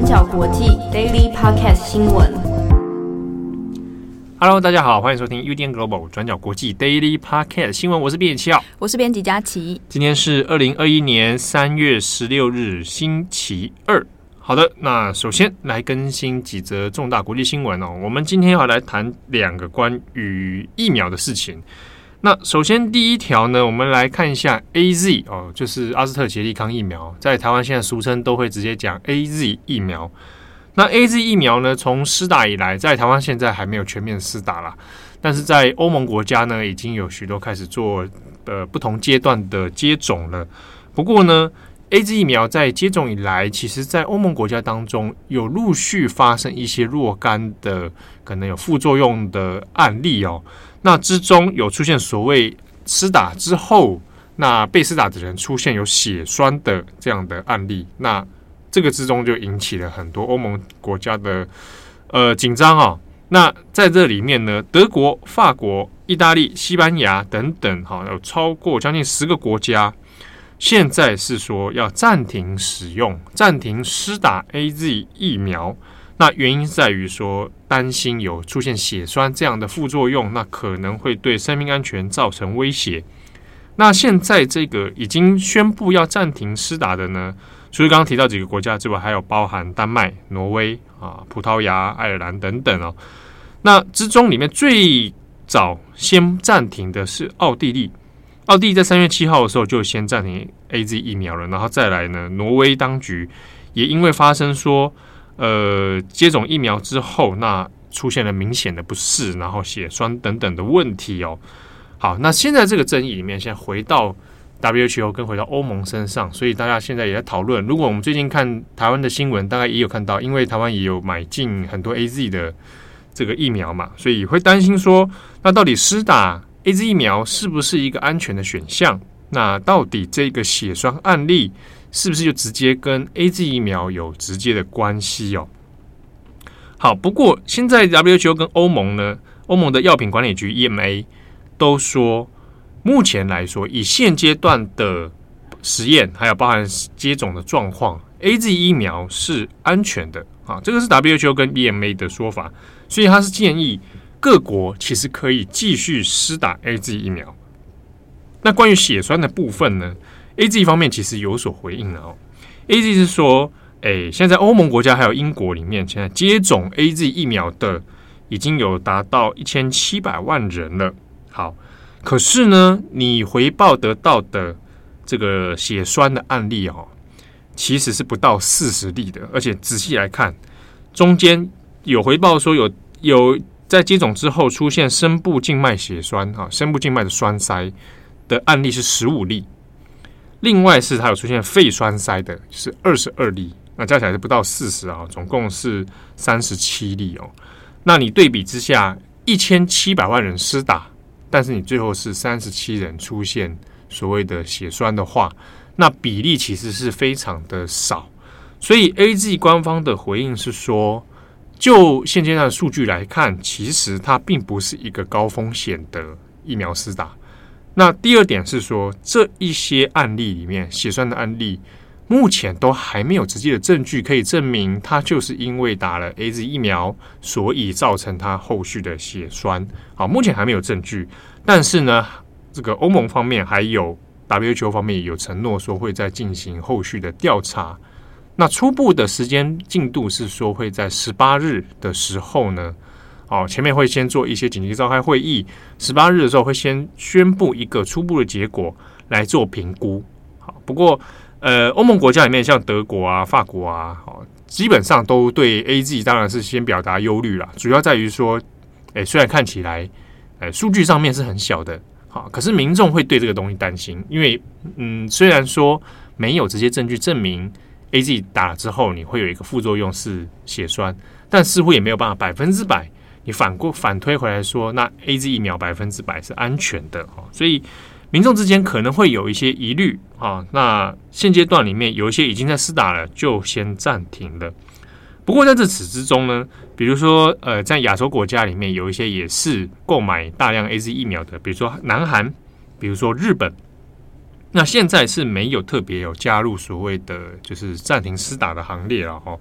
轉角國際 Daily Podcast 新聞，Hello，大家好，歡迎收聽 UDN Global 轉角國際 Daily Podcast 新聞，我是編輯七號，我是編輯佳琪，今天是二零二一年三月十六日，星期二。好的，那首先來更新幾則重大國際新聞哦。我們今天要來談兩個關於疫苗的事情。那首先第一條呢，我們來看一下 AZ 哦，就是阿斯特捷利康疫苗，在台灣現在俗稱都會直接講 AZ 疫苗。那 AZ 疫苗呢，從施打以來，在台灣現在還沒有全面施打啦。但是在歐盟國家呢，已經有許多開始做呃不同階段的接種了。不過呢，AZ 疫苗在接種以來，其實在歐盟國家當中，有陸續發生一些若干的可能有副作用的案例哦。那之中有出現所謂施打之後，那被施打的人出現有血栓的這樣的案例，那這個之中就引起了很多歐盟國家的呃緊張啊。那在這裡面呢，德國、法國、意大利、西班牙等等哈、哦，有超過將近十個國家，現在是說要暫停使用、暫停施打 AZ 疫苗。那原因在於說，擔心有出現血栓這樣的副作用，那可能會對生命安全造成威脅。那現在這個已經宣布要暫停施打的呢，除了剛剛提到幾個國家之外，還有包含丹麥、挪威啊、葡萄牙、愛爾蘭等等哦。那之中裡面最早先暫停的是奧地利，奧地利在三月七號的時候就先暫停 AZ 疫苗了，然後再來呢，挪威當局也因為發生說。呃，接種疫苗之後，那出現了明顯的不適，然後血栓等等的問題哦。好，那現在這個爭議裡面，現在回到 WHO 跟回到歐盟身上，所以大家現在也在討論。如果我們最近看台灣的新聞，大概也有看到，因為台灣也有買進很多 AZ 的這個疫苗嘛，所以會擔心說，那到底施打 AZ 疫苗是不是一個安全的選項？那到底這個血栓案例？是不是就直接跟 AZ 疫苗有直接的關係哦？好，不過現在 WHO 跟歐盟呢，歐盟的藥品管理局 EMA 都說，目前來說以現階段的實驗，還有包含接種的狀況，AZ 疫苗是安全的啊。好，這個是 WHO 跟 EMA 的說法，所以他是建議各國其實可以繼續施打 AZ 疫苗。那關於血栓的部分呢？AZ 方面其實有所回應了哦。AZ 是說，哎，現在歐盟國家還有英國裡面，現在接種 AZ 疫苗的已經有達到一千七百萬人了。好，可是呢，你回報得到的這個血栓的案例哦，其實是不到四十例的。而且仔細來看，中間有回報說有有在接種之後出現深部靜脈血栓啊，深部靜脈的栓塞的案例是十五例。另外是它有出現肺栓塞的，是二十二例，那加起來是不到四十啊，總共是三十七例哦。那你對比之下，一千七百萬人施打，但是你最後是三十七人出現所謂的血栓的話，那比例其實是非常的少。所以 AZ 官方的回應是說，就現階段的數據來看，其實它並不是一個高風險的疫苗施打。那第二點是說，這一些案例裡面血栓的案例，目前都還沒有直接的證據可以證明，他就是因為打了 AZ 疫苗，所以造成他後續的血栓。好，目前還沒有證據，但是呢，這個歐盟方面還有 WHO 方面有承諾說，會再進行後續的調查。那初步的時間進度是說，會在十八日的時候呢。好，前面會先做一些緊急召開會議，十八日的時候會先宣布一個初步的結果來做評估。好，不過呃，歐盟國家裡面像德國啊、法國啊，好，基本上都對 AZ 當然是先表達憂慮啦。主要在於說，誒雖然看起來誒，數據上面是很小的，好，可是民眾會對這個東西擔心，因為嗯，雖然說沒有直接證據證明 AZ 打了之後你會有一個副作用是血栓，但似乎也沒有辦法百分之百。你反過，反推回來說，那 AZ 疫苗百分之百是安全的，所以民眾之間可能會有一些疑慮啊。那現階段裡面有一些已經在施打了，就先暫停了。不過在這此之中呢，比如說呃，在亞洲國家裡面有一些也是購買大量 AZ 疫苗的，比如說南韓，比如說日本。那現在是沒有特別有加入所謂的就是暫停施打的行列了哈、哦。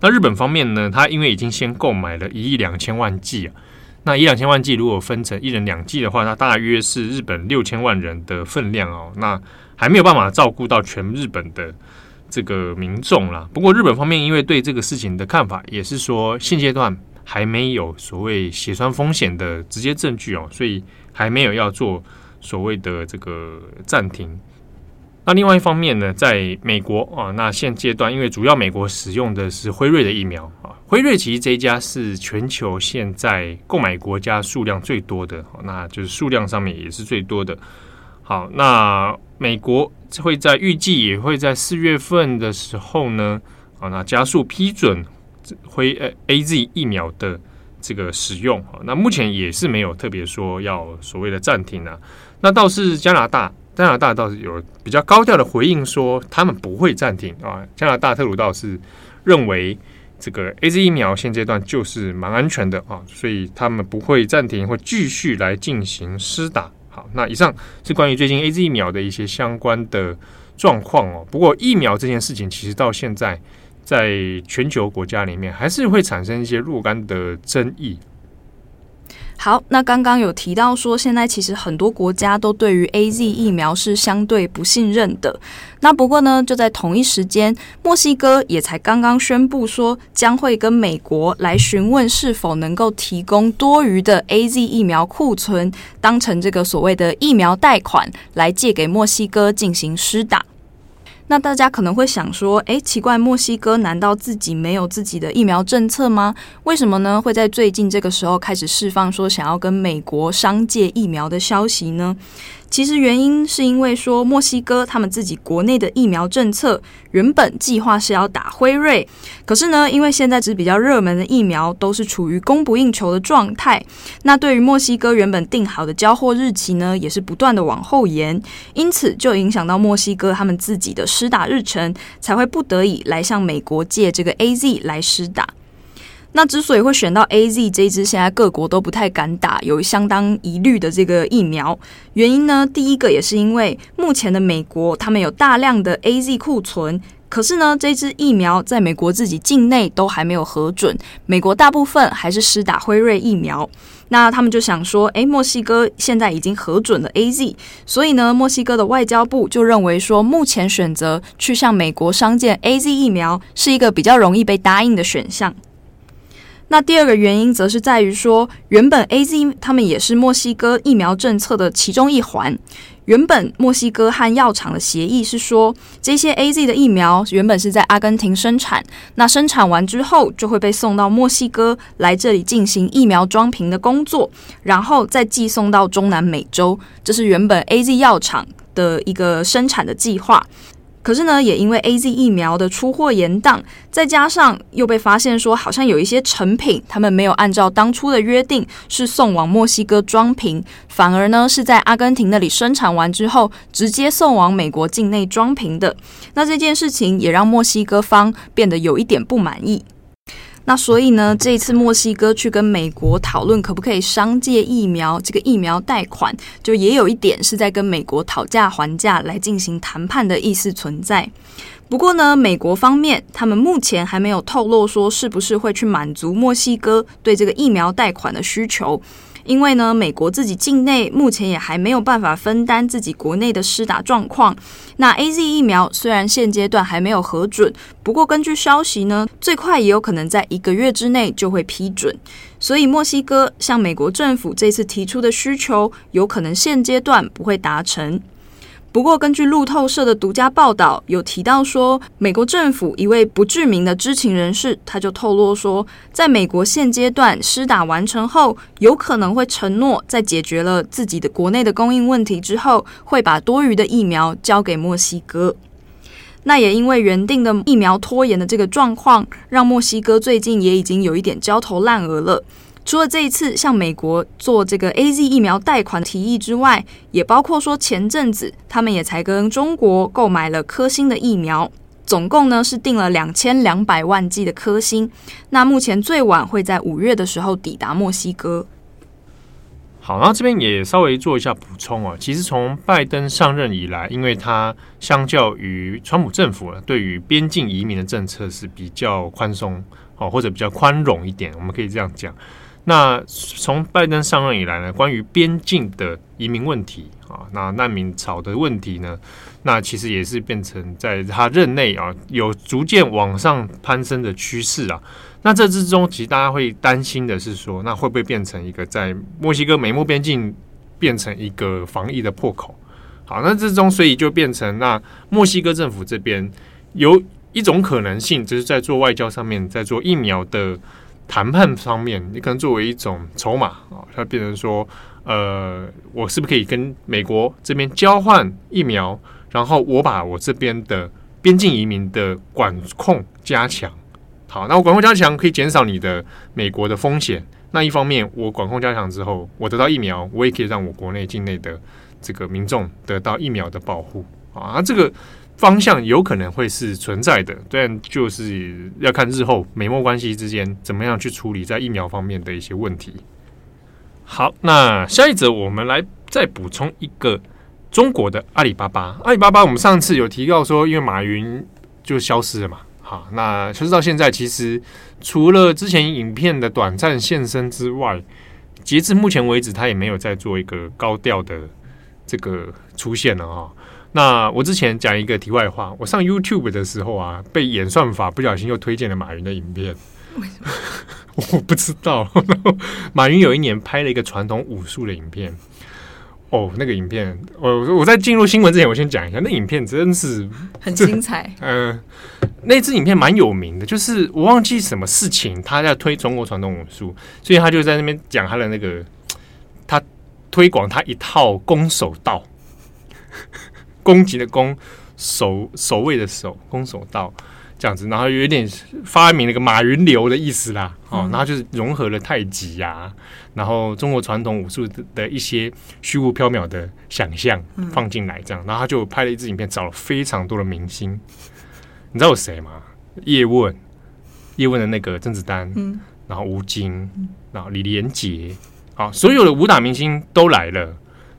那日本方面呢，他因為已經先購買了一億兩千萬劑、啊、那一億兩千萬劑如果分成一人兩劑的話，那大約是日本六千萬人的分量哦。那還沒有辦法照顧到全日本的這個民眾啦。不過日本方面因為對這個事情的看法也是說，現階段還沒有所謂血栓風險的直接證據哦，所以還沒有要做所謂的這個暫停。那另外一方面呢，在美國啊，那現階段因為主要美國使用的是輝瑞的疫苗啊，輝瑞其實這一家是全球現在購買國家數量最多的、啊，那就是數量上面也是最多的。好，那美國會在預計也會在四月份的時候呢，啊，那加速批准這輝呃 AZ 疫苗的這個使用、啊，那目前也是沒有特別說要所謂的暫停啊，那倒是加拿大。加拿大倒是有比較高調的回應，說他們不會暫停啊。加拿大特魯道是認為這個 AZ 疫苗現階段就是蠻安全的啊，所以他們不會暫停，會繼續來進行施打。好，那以上是關於最近 AZ 疫苗的一些相關的狀況哦。不過疫苗這件事情，其實到現在在全球國家裡面，還是會產生一些若干的爭議。好，那剛剛有提到說，現在其實很多國家都對於 AZ 疫苗是相對不信任的。那不過呢，就在同一時間，墨西哥也才剛剛宣布說，將會跟美國來詢問是否能夠提供多餘的 AZ 疫苗庫存，當成這個所謂的疫苗貸款來借給墨西哥進行施打。那大家可能會想說，誒，奇怪，墨西哥難道自己沒有自己的疫苗政策嗎？為什麼呢？會在最近這個時候開始釋放說想要跟美國商借疫苗的消息呢？其實原因是因為說，墨西哥他們自己國內的疫苗政策原本計劃是要打輝瑞，可是呢，因為現在只比較熱門的疫苗都是處於供不應求的狀態，那對於墨西哥原本定好的交貨日期呢，也是不斷的往後延，因此就影響到墨西哥他們自己的施打日程，才會不得已來向美國借這個 AZ 來施打。那之所以會選到 A Z 這支現在各國都不太敢打、有相當疑慮的這個疫苗，原因呢，第一個也是因為目前的美國他們有大量的 A Z 庫存，可是呢，這支疫苗在美國自己境內都還沒有核准，美國大部分還是施打輝瑞疫苗。那他們就想說，誒，墨西哥現在已經核准了 A Z，所以呢，墨西哥的外交部就認為說，目前選擇去向美國商借 A Z 疫苗是一個比較容易被答應的選項。那第二個原因則是在於說，原本 AZ 他們也是墨西哥疫苗政策的其中一環。原本墨西哥和藥廠的協議是說，這些 AZ 的疫苗原本是在阿根廷生產，那生產完之後就會被送到墨西哥，來這裡進行疫苗裝瓶的工作，然後再寄送到中南美洲。這是原本 AZ 藥廠的一個生產的計劃。可是呢，也因為 AZ 疫苗的出貨延宕，再加上又被發現說好像有一些成品，他們沒有按照當初的約定是送往墨西哥裝瓶，反而呢是在阿根廷那裡生產完之後直接送往美國境內裝瓶的。那這件事情也讓墨西哥方變得有一點不滿意。那所以呢，這一次墨西哥去跟美國討論可不可以商借疫苗，這個疫苗貸款，就也有一點是在跟美國討價還價來進行談判的意思存在。不過呢，美國方面他們目前還沒有透露說是不是會去滿足墨西哥對這個疫苗貸款的需求。因為呢，美國自己境內目前也還沒有辦法分擔自己國內的施打狀況。那 AZ 疫苗雖然現階段還沒有核准，不過根據消息呢，最快也有可能在一個月之內就會批准。所以，墨西哥向美國政府這次提出的需求，有可能現階段不會達成。不過，根據路透社的獨家報道，有提到說，美國政府一位不知名的知情人士，他就透露說，在美國現階段施打完成後，有可能會承諾，在解決了自己的國內的供應問題之後，會把多餘的疫苗交給墨西哥。那也因為原定的疫苗拖延的這個狀況，讓墨西哥最近也已經有一點焦頭爛額了。除了這一次向美國做這個 AZ 疫苗貸款提議之外，也包括說前陣子他們也才跟中國購買了科興的疫苗，總共呢是訂了兩千兩百萬劑的科興。那目前最晚會在五月的時候抵達墨西哥。好，然後這邊也稍微做一下補充啊。其實從拜登上任以來，因為他相較於川普政府，對於邊境移民的政策是比較寬鬆，或者比較寬容一點，我們可以這樣講。那從拜登上任以來呢，關於邊境的移民問題啊，那難民潮的問題呢，那其實也是變成在他任內啊有逐漸往上攀升的趨勢啊。那這之中，其實大家會擔心的是說，那會不會變成一個在墨西哥美墨邊境變成一個防疫的破口？好，那之中，所以就變成那墨西哥政府這邊有一種可能性，就是在做外交上面，在做疫苗的。談判方面，你可能作為一種籌碼啊，哦，它變成說，呃，我是不是可以跟美國這邊交換疫苗？然後我把我這邊的邊境移民的管控加強，好，那我管控加強可以減少你的美國的風險。那一方面，我管控加強之後，我得到疫苗，我也可以讓我國內境內的這個民眾得到疫苗的保護啊，這個。方向有可能會是存在的，但就是要看日後美墨關係之間怎麼樣去處理在疫苗方面的一些問題。好，那下一則我們來再補充一個中國的阿里巴巴。阿里巴巴，我們上次有提到說，因為馬雲就消失了嘛，好，那其實到現在，其實除了之前影片的短暫現身之外，截至目前為止，他也沒有再做一個高調的這個出現了啊。那我之前講一個題外話，我上 YouTube 的時候啊，被演算法不小心又推薦了馬雲的影片。為什麼 我不知道？馬雲有一年拍了一個傳統武術的影片。哦，那個影片，哦、我我在進入新聞之前，我先講一下，那影片真是很精彩。嗯、呃，那支影片蠻有名的，就是我忘記什麼事情，他在推中國傳統武術，所以他就在那邊講他的那個，他推廣他一套攻守道。 攻擊的攻，守守衛的守，攻守道這樣子，然後有有點發明那個馬雲流的意思啦，嗯、哦，然後就是融合了太極啊，然後中國傳統武術的一些虛無縹緲的想象放進來，這樣，嗯、然後他就拍了一支影片，找了非常多的明星，你知道有誰嗎？葉問，葉問的那個甄子丹，嗯，然後吳京，然後李連杰，啊、哦，所有的武打明星都來了。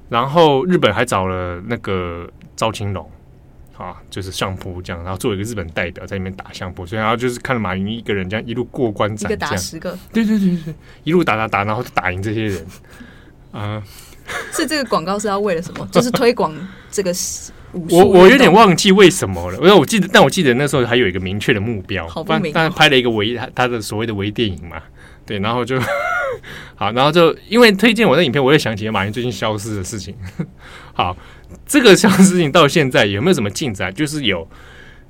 然後日本還找了那個朝青龍，啊，就是相撲這樣，然後作為一個日本代表在裡面打相撲，所以然後就是看了馬雲一個人這樣一路過關斬將，一個打十個，對對對對一路打打打，然後就打贏這些人，啊，是這個廣告是要為了什麼？ 就是推廣這個武術？我我有點忘記為什麼了，因為我記得，但我記得那時候還有一個明確的目標，好，不好，不然但是拍了一個微，他的所謂的微電影嘛。對，然後就好，然後就因為推薦我的影片，我也想起了馬雲最近消失的事情。好，這個消失事情到現在有沒有什麼進展？啊？就是有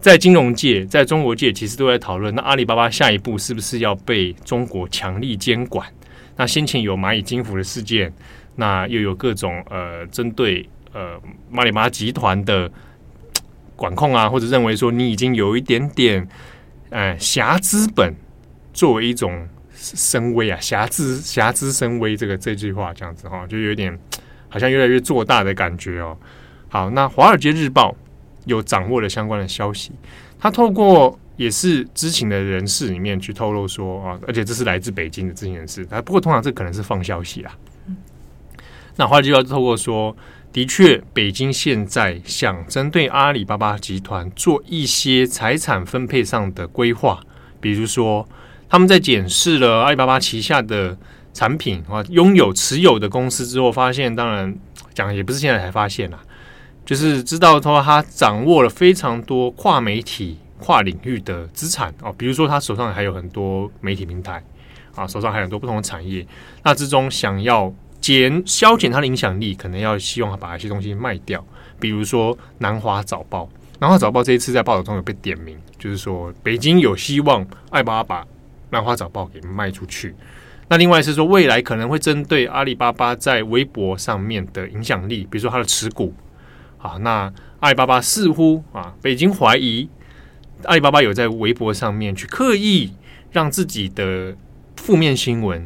在金融界、在中國界，其實都在討論，那阿里巴巴下一步是不是要被中國強力監管？那先前有螞蟻金服的事件，那又有各種呃，針對呃阿里巴巴集團的管控啊，或者認為說你已經有一點點呃挾資本作為一種。聲威啊，瑕疵瑕疵聲威，這個這句話這樣子哈，就有點好像越來越做大的感覺哦。好，那《華爾街日報》有掌握了相關的消息，他透過也是知情的人士裡面去透露說啊，而且這是來自北京的知情人士，不過通常這可能是放消息啊。那《華爾街日報》透過說，的確，北京現在想針對阿里巴巴集團做一些財產分配上的規劃，比如說。他們在檢視了阿里巴巴旗下的產品啊，擁有持有的公司之後，發現，當然講也不是現在才發現啦，啊，就是知道說他掌握了非常多跨媒體、跨領域的資產哦，比如說他手上還有很多媒體平台啊，手上還有很多不同的產業。那之中想要減消減他的影響力，可能要希望他把一些東西賣掉，比如說《南華早報》。《南華早報》這一次在報道中有被點名，就是說北京有希望阿里巴巴。南華早報給賣出去，那另外是說未來可能會針對阿里巴巴在微博上面的影響力，比如說它的持股啊，那阿里巴巴似乎啊，北京懷疑阿里巴巴有在微博上面去刻意讓自己的負面新聞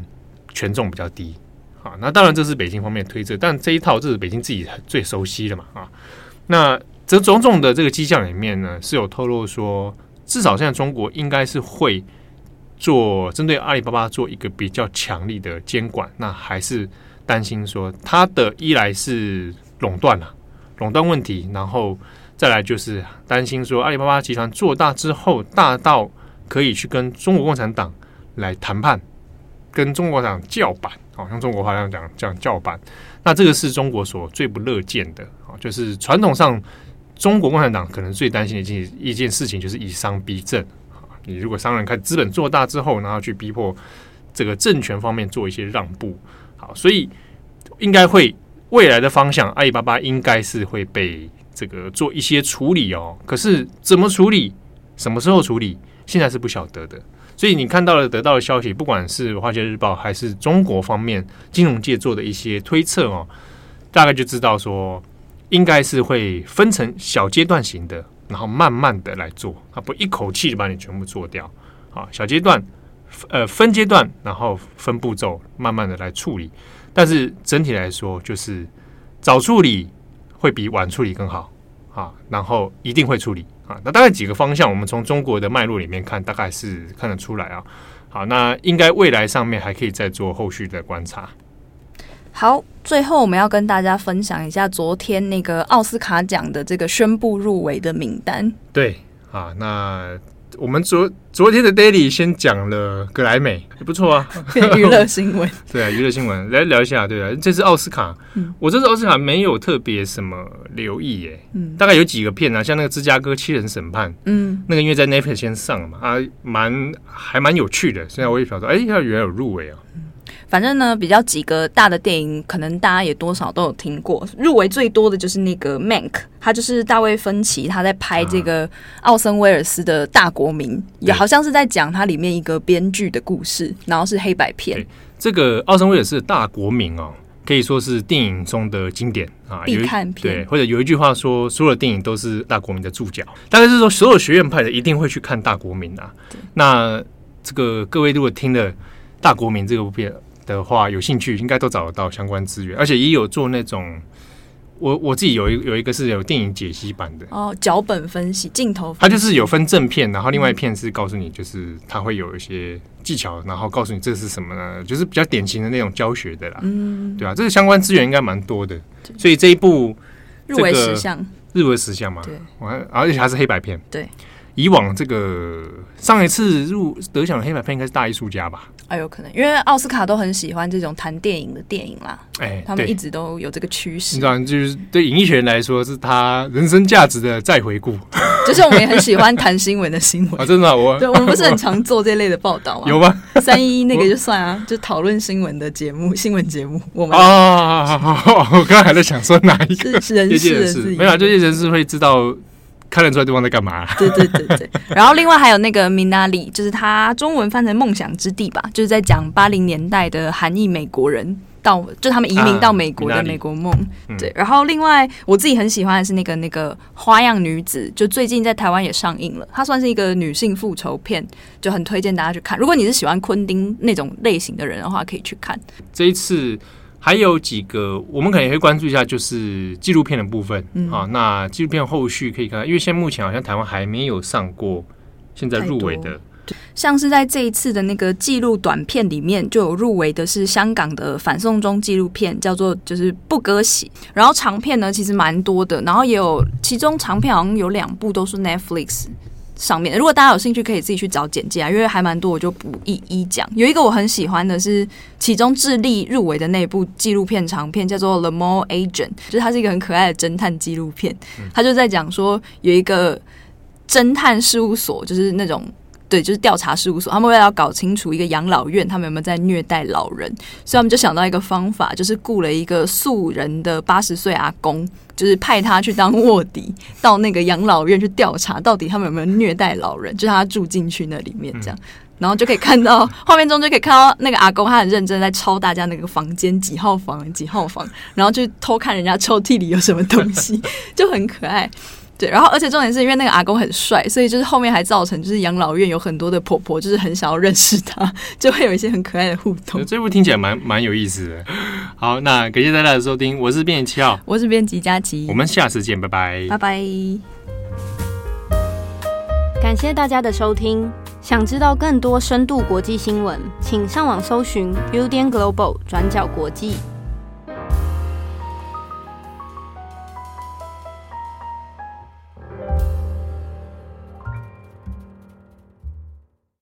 權重比較低啊，那當然這是北京方面推測，但這一套這是北京自己最熟悉的嘛啊，那這種種的這個跡象裡面呢，是有透露說，至少現在中國應該是會。做針對阿里巴巴做一個比較強力的監管，那還是擔心說它的一來是壟斷了、啊、壟斷問題，然後再來就是擔心說阿里巴巴集團做大之後大到可以去跟中國共產黨來談判，跟中國共產黨叫板，好、哦、像中國話這樣講，講叫板。那這個是中國所最不樂見的啊、哦，就是傳統上中國共產黨可能最擔心的一件一件事情就是以商逼政。你如果商人開資本做大之後，然後去逼迫這個政權方面做一些讓步，好，所以應該會未來的方向，阿里巴巴應該是會被這個做一些處理哦。可是怎麼處理，什麼時候處理？現在是不曉得的。所以你看到了得到的消息，不管是《華爾街日報》還是中國方面金融界做的一些推測哦，大概就知道說，應該是會分成小階段型的。然後慢慢的來做，啊，不一口氣就把你全部做掉，啊，小階段，呃、分階段，然後分步驟，慢慢的來處理。但是整體來說，就是早處理會比晚處理更好啊。然後一定會處理啊。那大概幾個方向，我們從中國的脈絡裡面看，大概是看得出來啊。好，那應該未來上面還可以再做後續的觀察。好，最後我們要跟大家分享一下昨天那個奧斯卡獎的這個宣布入圍的名單。對啊，那我們昨昨天的 Daily 先講了格萊美，也不錯啊，娛樂新聞。對啊，娛樂新聞來 聊，聊一下。對啊，這次奧斯卡，嗯、我這次奧斯卡沒有特別什麼留意耶、欸。嗯，大概有幾個片啊，像那個《芝加哥七人審判》，嗯，那個因為在 Netflix 先上嘛，啊，蠻還蠻有趣的。現在我也曉得，哎、欸，原來有入圍啊。嗯反正呢，比較幾個大的電影，可能大家也多少都有聽過。入圍最多的就是那個《Mank》，他就是大衛芬奇，他在拍這個奧森威爾斯的《大國民》啊，也好像是在講他裡面一個編劇的故事，對然後是黑白片。欸、這個奧森威爾斯的《大國民》哦，可以說是電影中的經典啊，必看片。對，或者有一句話說，所有的電影都是大國民的注腳。大概是說，所有學院派的一定會去看《大國民》啊。對那這個各位如果聽了。大國民這個部片的話，有興趣應該都找得到相關資源，而且也有做那種，我我自己有一有一個是有電影解析版的哦，腳本分析、鏡頭分析，它就是有分正片，然後另外一片是告訴你，就是它會有一些技巧，嗯、然後告訴你這是什麼呢？就是比較典型的那種教學的啦，嗯，對吧、啊？這個相關資源應該蠻多的，對所以這一部入圍十項，入圍十項嘛，對、啊，而且還是黑白片，對。以往這個上一次入得獎的黑白片應該是大藝術家吧？哎，有可能，因為奧斯卡都很喜歡這種談電影的電影啦。哎，他們一直都有這個趨勢。你知道，就是對影藝學院來說，是他人生價值的再回顧。就是我們也很喜歡談新聞的新聞啊，真的，我對我們不是很常做這類的報道嗎？有嗎？三一那個就算啊，就討論新聞的節目，新聞節目我們啊，我剛剛還在想說哪一個業界人事沒有，這些人事會知道。看得出來對方在幹嘛、啊？對對對對，然後另外還有那個 Minari，就是他中文翻成《夢想之地》吧，就是在講八零年代的韓裔美國人到，就他們移民到美國的美國夢。對，然後另外我自己很喜歡的是那個那個花樣女子，就最近在台灣也上映了，她算是一個女性復仇片，就很推薦大家去看。如果你是喜歡昆汀那種類型的人的話，可以去看。嗯、這一次。還有幾個，我們可能也會關注一下，就是紀錄片的部分、嗯、啊。那紀錄片後續可以看到，因為現在目前好像台灣還沒有上過現在入圍的，像是在這一次的那個紀錄短片裡面就有入圍的是香港的反送中紀錄片，叫做就是不割席。然後長片呢，其實蠻多的，然後也有其中長片好像有兩部都是 Netflix。上面，如果大家有興趣，可以自己去找簡介啊，因為還蠻多，我就不一一講。有一個我很喜歡的是，其中智利入圍的那部紀錄片長片叫做《The Mole Agent》，就是它是一個很可愛的偵探紀錄片，它就在講說有一個偵探事務所，就是那種。對，就是調查事務所，他們為了要搞清楚一個養老院，他們有沒有在虐待老人，所以他們就想到一個方法，就是雇了一個素人的八十歲阿公，就是派他去當臥底，到那個養老院去調查，到底他們有沒有虐待老人，就他住進去那裡面，這樣，嗯、然後就可以看到畫面中就可以看到那個阿公，他很認真在抄大家那個房間幾號房幾號房，然後就偷看人家抽屜裡有什麼東西，就很可愛。對，然後而且重點是因為那個阿公很帥，所以就是後面還造成就是養老院有很多的婆婆就是很想要認識他，就會有一些很可愛的互動。這，這部聽起來蠻蠻有意思的。好，那感謝大家的收聽，我是編輯七號，我是編輯佳琪，我們下次見，拜拜，拜拜 bye，感謝大家的收聽。想知道更多深度國際新聞，請上網搜尋 udn Global 轉角國際。